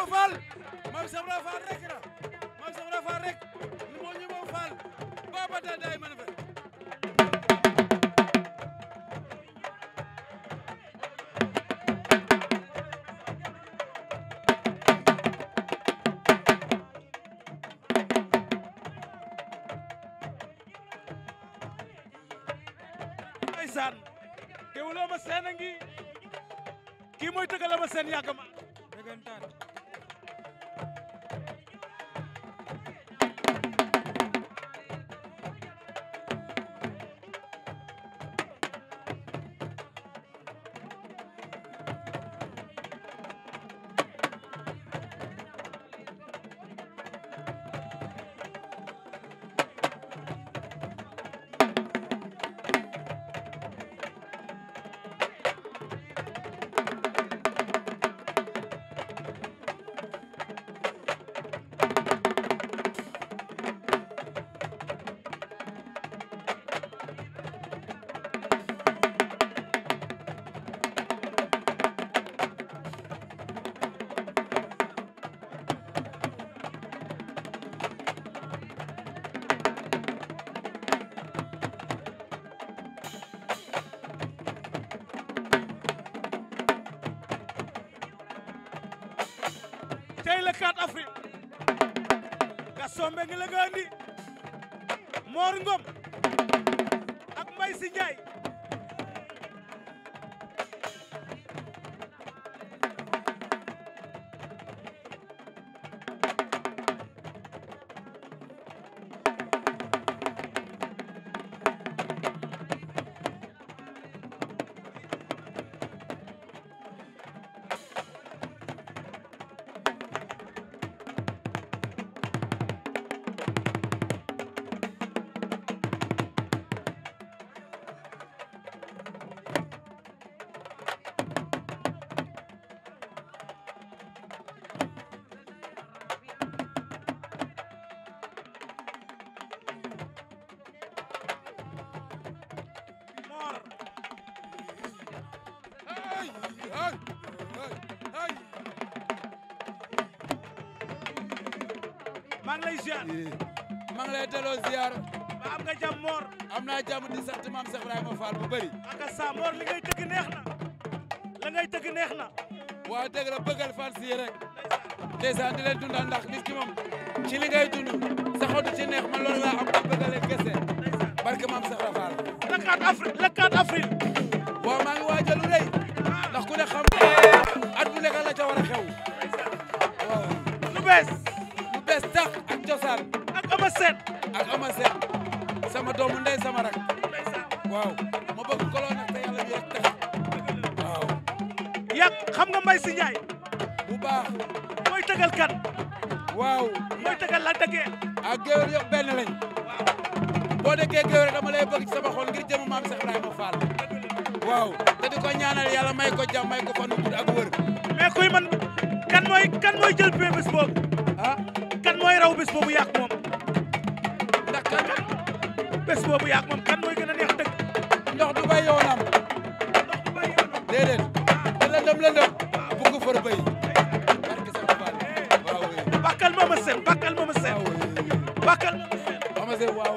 ma faal maam Sabra Faal rek la maam Sabra Faal rek moo ñu ma faal ba ba tey day mën a ma seen ngi kii mooy tëggal ma seen yàgg ma le 4 avril Gaston Mbengue la nga andi ak Mbaye Sy Ndiaye ngi lay ziar. Eh, maa ngi lay delloo ziar. ba am nga jàmm Mor. am naa jàmm di sant maam Cheikh Ibrahima Fall bu bëri. ak sa Mor li ngay tëgg neex na. la ngay tëgg neex na. waaw dëgg la bëggal Fall si rek. ndeysaan di leen dundal ndax nit ki moom ci li ngay dund saxoo du ci neex man loolu laa am ko bëggale kese. barke maam Cheikh Ibrahima Fall. le 4 avril le maa ngi waajalu rëy. ndax ku ne xam at bu nekk la ca war xew. waaw bees. bees tax ak cosaan. ak ama seen. ak ama seen sama doomu ndey sama rak waaw ma bëgg koloo nag te yàlla bi rek waaw. yàq xam nga Mbaye si Ndiaye. bu baax. mooy tëgal kan. waaw mooy tëgal la dëggee. ah géwél yëpp benn lañ. boo dëggee géwél dama lay sama xol ngir jëm maam Cheikh Ibrahima Fall. waaw te ko ñaanal yàlla may ko jàmm may ko fan wu ak wër. mais kuy man kan mooy kan mooy jël mooy raw bés boobu yàq moom ndax kan bés boobu yàq moom kan mooy gën a neex dëgg ndox du bay yoonam ndox du bay yoonam déedéet da lëndëm lëndëm bugg fër bay barke sax baal waaw bakkal ma ma seen bakkal ma ma seen bakkal ma ma seen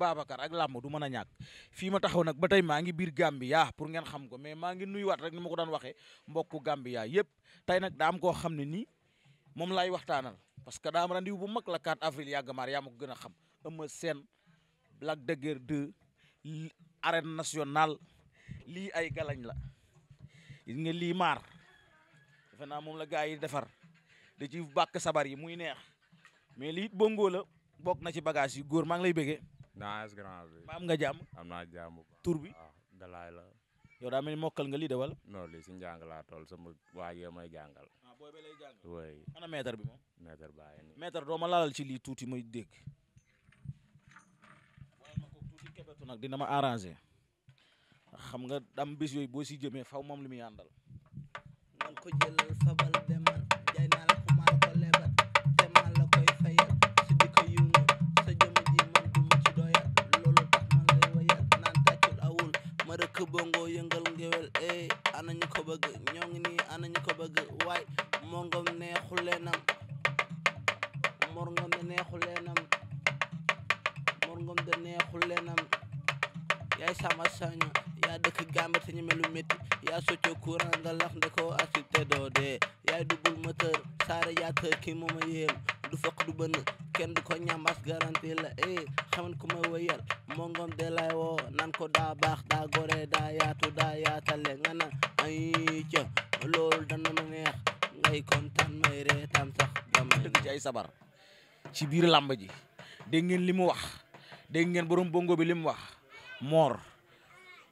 Babacar ak làmb du mën a ñàkk fii ma taxaw nag ba tey maa ngi biir Gambia pour ngeen xam ko mais maa ngi nuyuwaat rek ni ma ko daan waxee mbokku Gambia yëpp tey nag daa am koo xam ne nii moom laay waxtaanal parce que daa am rendiw bu mag la 4 avril yàgg maar yaa ma ko gën a xam Eumeu Sène Lac de Guiers 2 arène nationale lii ay galañ la gis nga lii maar defe naa moom la gars yi defar da ci bàkk sabari yi muy neex mais liit bongo la bokk na ci bagage yi góor maa ngi lay bëggee naaj grand nga jàmm. am naa jàmm tur bi waaw ah, la. yow daa mel ni mokkal nga lii de wala. non lii si njàng laa toll sama waa yee may jàngal. ah bi moom. maître bàyyi nii. ma laalal ci lii tuuti muy dégg. ma ko dina ma arrangé. xam nga dam bis yooyu boo si jëmee faw moom li muy àndal. man ko jëlal fabal dem dëkk bongo yëngal ngewel ey eh, ana ñu ko bëgg ñoo ana ñu ko bëgg waay Mor Ngom neexu leenam Mor Ngom de neexu leenam Mor Ngom de neexu leenam yaay sama saña yaa dëkk Gàmbi te lu métti yaa soccoo courant nga lax nde ko asib doo dee yaay duggul moteur saare yaa tër kii mooma yéem du fokk du bënn kenn du ko ñambas garanti la eh xaman ku ma wéyal moo ngoom de lay woo nan ko daa baax daa gore daa yaatu daa yaatale nga na ay ca loolu dana ma neex ngay kontaan may reetaan sax dama ci biir làmb ji dégg ngeen li mu wax dégg ngeen borom bongo bi li mu wax moor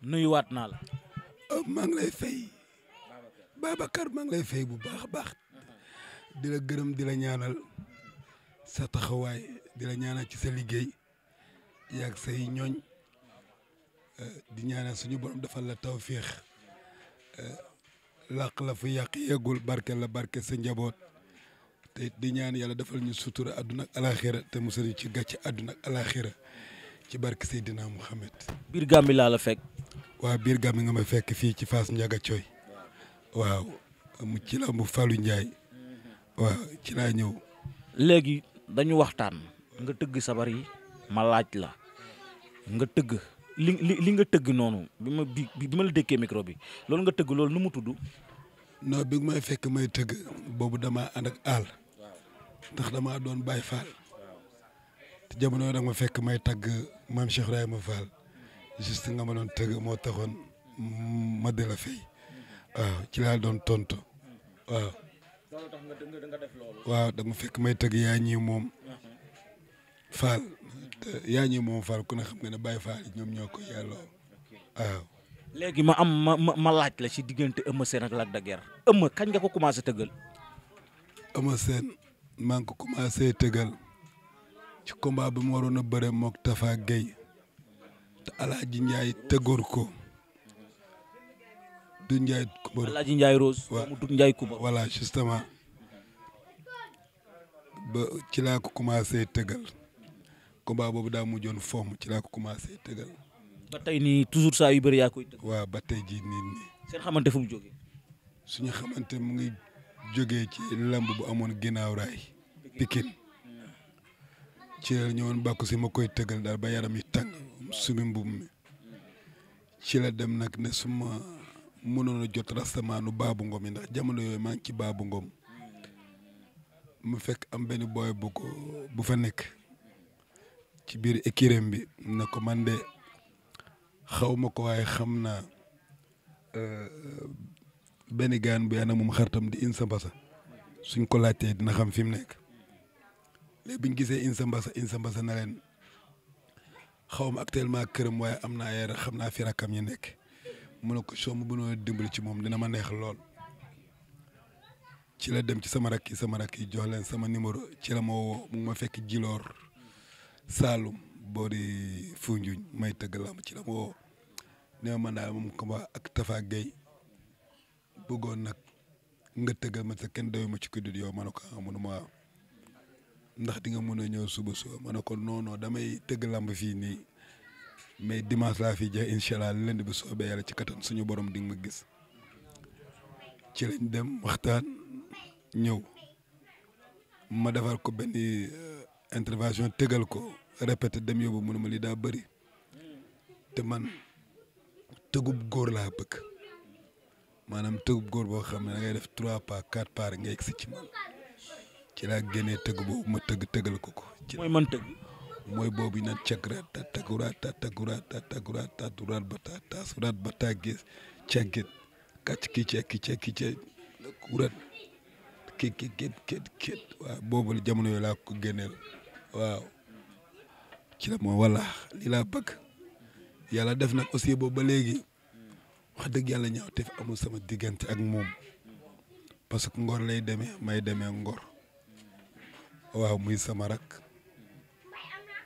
nuyuwaat naa la maa ngi lay fay Babacar maa lay fay bu baax baax di la gërëm di la ñaanal sa taxawaay di la ñaanal ci sa liggéey yaag say ñooñ euh, di ñaana suñu borom defal la tawféex euh, làq la fu yàq yeggul barke la barke sa njaboot te di ñaan yàlla defal ñu sutura àdduna ak alaxira te musal ñu ci gàcc àdduna ak alaxira ci barke Seydina Muhammad biir Gàmbi laa la fekk waaw biir Gàmbi nga ma fekk fii ci Fass njaga Coy waaw mu ci la mu Fallou Ndiaye waaw ci laa ñëw dañu waxtaan nga tëgg sabar yi ma laaj la nga tëgg li nga tëgg noonu bi ma bi bi ma la dékkee micro bi loolu nga tëgg loolu nu mu tudd. non bi ma fekk may tëgg boobu dama ànd ak àll ndax damaa doon Baay Faal te jamono da ma fekk may tagg maam Cheikh Ibrahima Fall juste nga ma doon tëgg moo taxoon ma de la waaw ci laa doon tontu waaw. loolu tax nga waaw dama fekk may tëgg yaa ñi moom. faal yaa ñi moom faal ku ne xam nga ne bay faal ñoom ñoo ko yàlloo waaw. léegi ma am ma ma laaj la ci diggante Eumeu Sène ak Lac de Guiers Eumeu kañ nga ko commencé tëggal. Eumeu Sène maa ngi ko commencé tëggal ci combat bi mu waroon a bëre mook Tafa Gueye te Alaaji Njaay tëggoor ko. Doudou Ndiaye Coumba. Alaaji Ndiaye Rose. waaw mu Doudou laa ko commencé tëgal combat boobu daa mujjoon fomm ci laa ko commencé tëgal. ba tey nii toujours saa yu bëri yaa koy tëg. waaw ba tey jii nii nii. seen xamante fu mu jógee. suñu xamante mu ngi jógee ci lamb bu amoon ginnaaw raay. Pikine ci la ñëwoon bàkku si ma koy tëgal daal ba yaram yi tàng suñu mbubb mi ci dem nag ne suma mënoon jot rastamaanu baabu ngom yi ndax jamono yooyu maa ngi ci baabu ngom mu fekk am benn booy bu ko bu fa nekk ci biir écurie bi na ko man de xawma ko waaye xam naa euh, benn gaan bu yaana moom xaritam di Insa Mbassa suñ ko laajtee dina xam fi mu nekk léegi bi ñu gisee Insa Mbassa Insa mbasa na leen xaw ma actuellement këram waaye am naa ay xam naa fi rakkam yi nekk. mu ne ko soo ma mënoo dimbali ci moom dina ma neex lool ci la dem ci sama rakk yi sama rakk yi jox leen sama numéro ci la ma woo mu ma fekk jiloor Saloum boo di Foundiougne may tëgg làmb ci la ma woo nee ma daal moom combat nag nga tëggal ma sa kenn doyuma ci kuddut yow ma ne ko ah munuma ndax di nga mën a ñëw suba suba ma ne ko non damay tëgg làmb fii nii. mais dimanche laa fi jeex incha allah lundi bi soobee yàlla ci kattan suñu borom di nga ma gis ci lañ dem waxtaan ñëw ma defar ko benn euh, intervention tegal ko répété dem yóbbu mu ma lii daa bëri te man tegub góor laa bëgg maanaam tëgub góor boo xam ne da ngay def trois pas quatre pas ngay egsi ci ci laa génnee tëgg boobu ma tëgg tëggal ko ko. mooy boobu naan cagrat ta tagurat ta tagurat ta tagurat ta durat ba ta tasurat ba ta gis cagit kac ki ce ki ce ki ce kurat ki ki ket ket ket waaw boobu la jamono yooyu laa ko génneel waaw ci la moom wala lii laa bëgg yàlla def nag aussi boobu ba léegi wax dëgg yàlla ñaaw te fi amul sama diggante ak moom parce que ngor lay demee may demee ngor waaw muy sama rak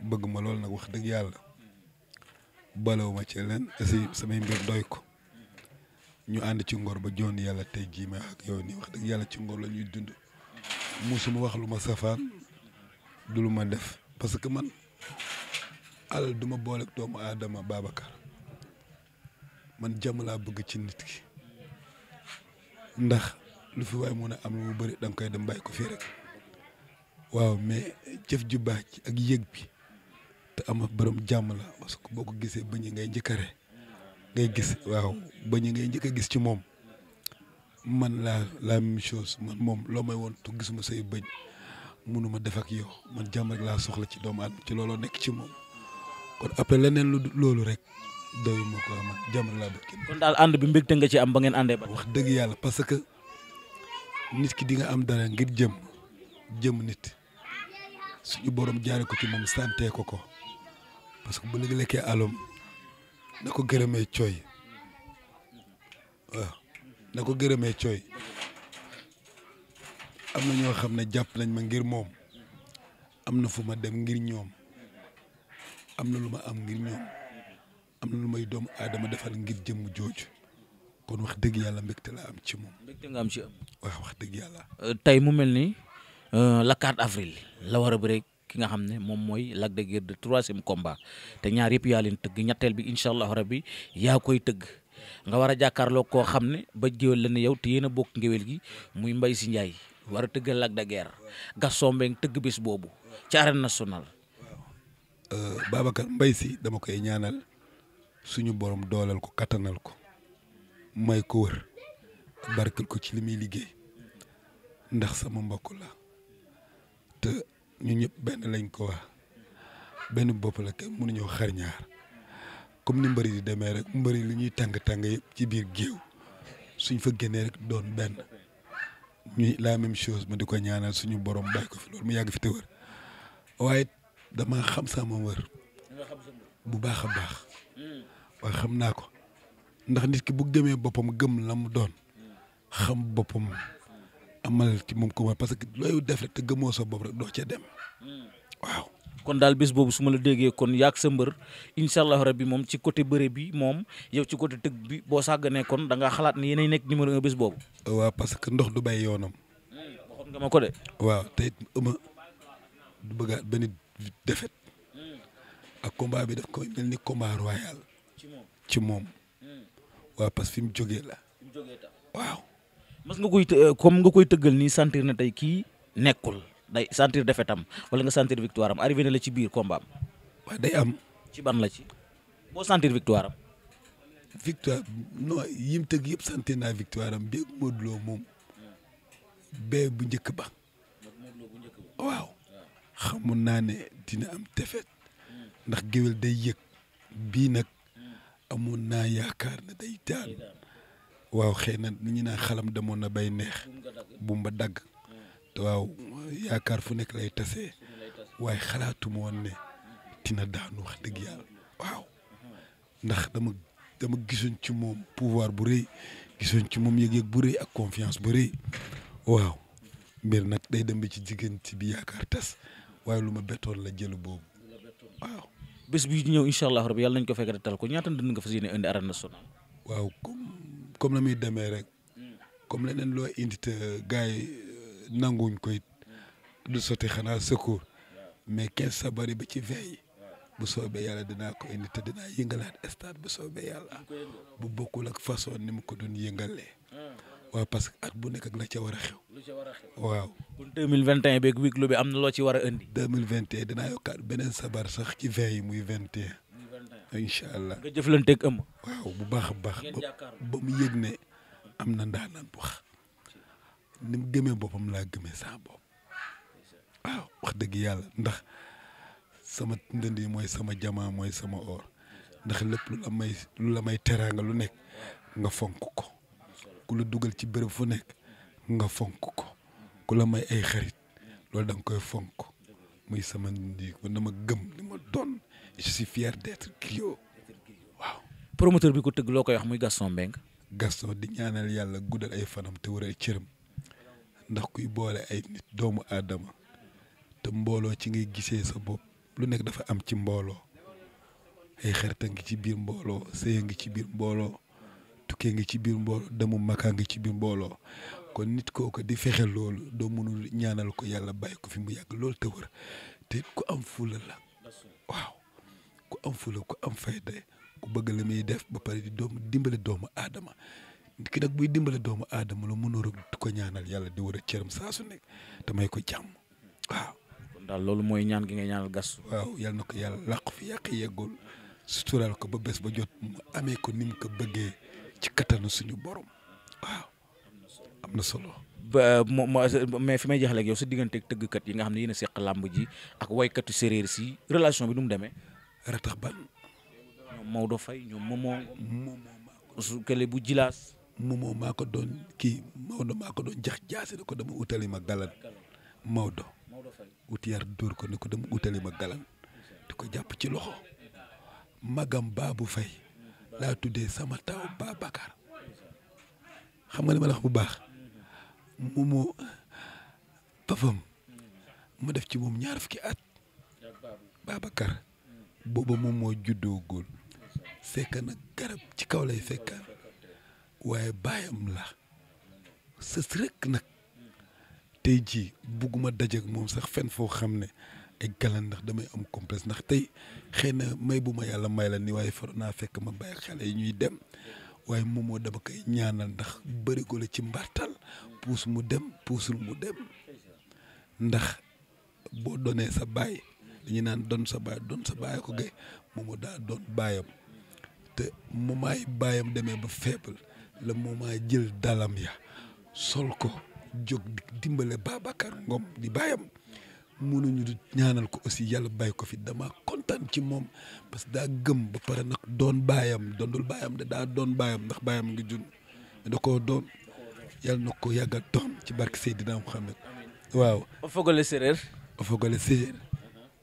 bëgg ma loolu nag wax dëgg yàlla balewuma ci leen aussi samay mbir doy ko ñu ànd ci ngor ba joon yàlla tey jii may ak yow nii wax dëgg yàlla ci ngor la ñuy dund ma wax lu ma safaan du lu ma def parce que man alal duma boole doomu aadama Babacar man jàmm laa bëgg ci nit ki ndax lu fi waay mën a am lu mu bëri danga koy dem bàyyi ko fii rek waaw mais jëf ju ak yëg bi te ama jàmm la parce que boo ko gisee ba ñu ngay njëkkare ngay gis waaw ba ñu ngay njëkk a gis ci moom man laa la même chose man moom loo may woon gisuma say bëñ munuma def ak yow man jàmm laa soxla ci doomu ci looloo nekk ci moom kon leneen lu loolu rek doyu man jàmm rek laa daal ànd bi mbégte nga ci am ba ngeen àndee ba wax dëgg yàlla parce que nit ki di nga am dara ngir jëm jëm nit suñu borom jaare ko ci moom santee ko ko parce que bu la lekkee alom na ko gërëmee cooy waaw na ko gërëmee cooy am na ñoo xam ne jàpp nañ ma ngir moom am na fu ma dem ngir ñoom am na lu ma am ngir ñoom am na lu may doomu aadama defal ngir jëmm jooju kon wax dëgg yàlla mbégte laa am ci moom. mbégte wax dëgg yàlla. Euh, tey mu mel ni euh, la 4 avril la war a bëre ki nga xam ne moom mooy Lac de de troisième combat te ñaar yëpp yaa leen tëgg ñetteel bi incha allahu rabbi yaa koy tëgg nga war a jàkkaarloo koo xam ne ba géwél la ne yow te yéen a bokk ngéwél gi muy mbay si Ndiaye war a tëggal Lac de Guiers Gaston tëgg bis boobu ci arène nationale. waaw euh, Babacar Mbaye dama koy ñaanal suñu borom doolal ko kattanal ko may ko wër barkal ko ci li muy liggéey ndax sama mbokk la ñu ñëpp benn lañ ko wax benn bopp la kenn mënuñoo xar ñaar comme ni mbëri di demee rek mbëri li ñuy tàng-tàng yëpp ci biir géew suñ fa génnee rek doon benn ñuy laa même chose ma di ko ñaanal suñu borom bàyyi ko fi loolu mu yàgg fi te wër waaye dama xam sama wër bu baax a baax waaye xam naa ko ndax nit ki bu demee boppam gëm la mu doon xam boppam amal ci moom ko parce que looy def rek te gëmoo sa bopp rek doo cee dem waaw. kon daal bés boobu su ma la déggee kon yàq sa mbër incha allahu rabbi moom ci côté bëre bi moom yow ci côté tëgg bi boo sàgganee kon da ngaa xalaat ne yéenay nekk numéro un bés boobu. waaw parce que ndox du bay yoonam. waxoon ko de. waaw te it ëma du bëggaat benn défaite ak combat bi daf ko mel ni combat royal. ci moom waaw parce que fi mu jógee la. waaw. mas nga koy euh, comme nga koy tëggal nii sentir na tey kii nekkul day sentir défaite am wala nga sentir victoire am arrivé na la ci biir combat am. waaw day am. ci ban la ci boo sentir victoire am. victoire non naa victoire am beeg moom bee bu njëkk ba. waaw xamoon naa ne dina am défaite ndax géwél day yëg bii nag amoon naa yaakaar ne day daan. waaw xëy na li ñu naan xalam demoon na bay neex buum ba dagg waaw yaakaar fu nekk lay tasee waaye xalaatuma woon ne dina daanu wax dëgg yàlla waaw ndax dama dama gisoon ci moom pouvoir bu rëy gisoon ci moom yëg-yëg bu rëy ak confiance bu rëy waaw mbir nag day dem bi ci jigéen ci bi yaakaar tas waaye lu ma bettoon la jëlu boobu waaw. bés bi ñëw incha allah rabi yàlla nañ ko fekk tal ko ñaata dund nga fas yéene indi arène nationale. comme la muy demee rek comme leneen loo indi te gars yi euh, nanguñ ko it du sotti xanaa secours mais quinze sabari ba ci veille bu soobee yàlla dinaa ko indi te dinaa yëngalaat stade bu soobee yàlla bu bokkul ak façon ni mu ko doon yëngalee waaw parce que at bu nekk ak la ca war a xew. waaw. kon deux mille vingt et un bi am na loo ci war a indi. deux mille vingt et un dinaa yokkaat beneen sabar sax ci veille yi muy vingt incha allah nga waaw bu baax a baax. ba mu yëg ne am na ndaanaan wax ni mu gëmee boppam laa gëme saa bopp waaw wax dëgg yàlla ndax sama ndënd yi mooy sama jamaa mooy sama or ndax lépp lu la may lu teraanga lu nekk nga fonk ko ku la dugal ci bërëb fu nekk nga fonk ko ku la may ay xarit loolu da koy fonk muy sama ndënd yi dama gëm li ma doon. je suis fier d'être Clio waaw. promoteur bi ko tëgg loo koy wax muy Gaston Mbengue. Gaston di ñaanal yàlla guddal ay fanam te wër ay cëram ndax kuy boole ay nit doomu aadama te mbooloo ci ngay gisee sa bopp lu nekk dafa am ci mbooloo ay xarita ngi ci biir mbooloo sëya ngi ci biir mbooloo tukkee ngi ci biir mbooloo demu makaa ngi ci biir mbooloo kon nit kooku di fexe loolu doo mënul ñaanal ko yàlla bàyyi ko fi mu yàgg loolu te wër te ku am fulla la am fula ku am fayda ku bëgg la muy def ba pare di doomu dimbale doomu aadama ki nag buy dimbale doomu aadama la mënoo rek di ko ñaanal yàlla di war a cëram saa su nekk te may ko jàmm waaw. kon daal loolu mooy ñaan gi nga ñaanal gas. waaw na ko yàlla làq fi yàq yeggul suturaal ko ba bés ba jot mu amee ko ni mu ko bëggee ci kattanu suñu borom waaw am na solo. ba mais fi may jeexaleeg yow sa digganteeg tëggkat yi nga xam ne yéen a seq làmb ji ak waykatu séeréer si relation bi nu mu demee. ratax ban. ñoom Maodo Faye ñoom bu jilaas. Momo maa ko doon kii Maodo maa ko doon jax jaase ne ko dama utali ma galan Maodo. ut yar dóor ko ne ko dama utali ma galan di ko jàpp ci loxo. magam bu Faye laa tuddee sama taw Babacar xam nga li ma la bu baax Momo papam ma def ci moom ñaar fukki at Babacar. booba moom moo juddoo góor fekk nag garab ci kaw lay fekka waaye baayam la sës rek nag tey jii bugguma dajeek moom sax fenn foo xam ne ay galan ndax damay am complexe ndax tey xëy na may bu ma yàlla may la ni waaye foro naa fekk ma bàyyi xale yi ñuy dem waaye moom moo dama koy ñaanal ndax bari ko la ci mbartal puus mu dem puusul mu dem ndax boo donee sa baay dañu naan doon sa baay doon sa baay ko gay moom daa doon baayam te moment yi baayam demee ba faible le moment jël dalam ya sol ko jóg di dimbale Babacar Ngom di baayam mënuñu di ñaanal ko aussi yàlla bàyyi ko fi dama kontaan ci moom parce que daa gëm ba pare nag doon baayam dondul baayam da daa doon baayam ndax baayam ngi jun da koo doon yàlla na ko yàggal doon ci barke Seydina Muhammad waaw. Fogole séeréer. Fogole séeréer.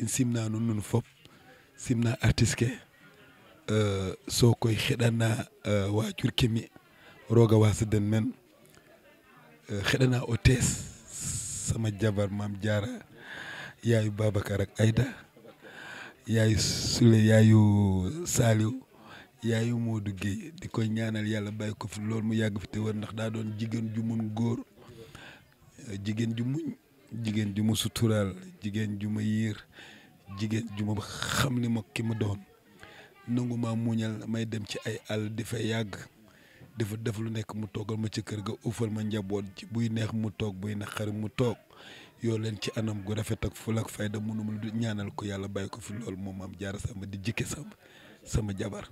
en simna noon nun fof simna artiste ke euh, soo koy heɗana euh, wacur kemi roga wasuden men heɗana euh, o sama jabar mam diara yayu babacar ak ayda yayu sule yayu saliw yaayu Modou Guèye di koy ñaanal yàlla bàyyi ko fi loolu mu yàgg fi te war ndax daa doon jigéen ju mun góor jigéen ju jigéen ju ma suturaal jigéen ju ma yiir jigéen ju ma xam ni ma ki ma doon nangu maa muñal may dem ci ay àll di yàgg dafa def lu nekk mu toogal ma ci kër ga uufal ma njaboot buy neex mu toog buy naqari mu toog yoo leen ci anam gu rafet ak ful ak fayda mënuma ñaanal ko yàlla bàyyi ko fi loolu moom am jaara sama di jikke sama jabar